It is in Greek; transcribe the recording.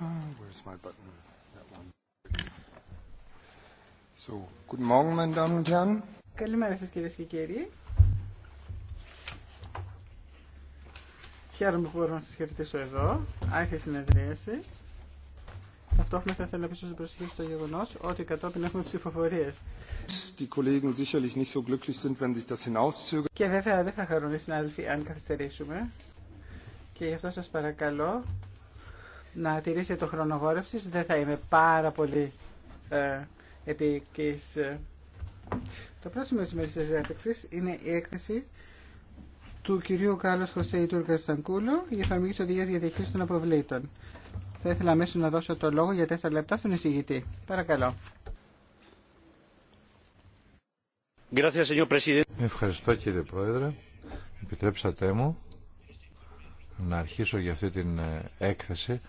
Ah, where's my button? That one. So, guten Morgen, meine Damen und Herren. Καλημέρα σας κυρίες και κύριοι. Χαίρομαι που μπορώ να σας χαιρετήσω εδώ. Άρχισε η συνεδρίαση. Ταυτόχρονα θα ήθελα να πείσω στην προσοχή στο γεγονό ότι κατόπιν έχουμε ψηφοφορίε. Και βέβαια δεν θα χαρούν οι συνάδελφοι αν καθυστερήσουμε. Και γι' αυτό σας παρακαλώ να τηρήσετε το χρονογόρευσης. Δεν θα είμαι πάρα πολύ ε, επίκης. Το πρόσημο σημείο της διάταξη είναι η έκθεση του κυρίου Κάλλος Χωσέη Τούρκα Σανκούλου για εφαρμογή οδηγία για διαχείριση των αποβλήτων. Θα ήθελα αμέσω να δώσω το λόγο για τέσσερα λεπτά στον εισηγητή. Παρακαλώ. Ευχαριστώ κύριε Πρόεδρε. Επιτρέψατε μου να αρχίσω για αυτή την ε, έκθεση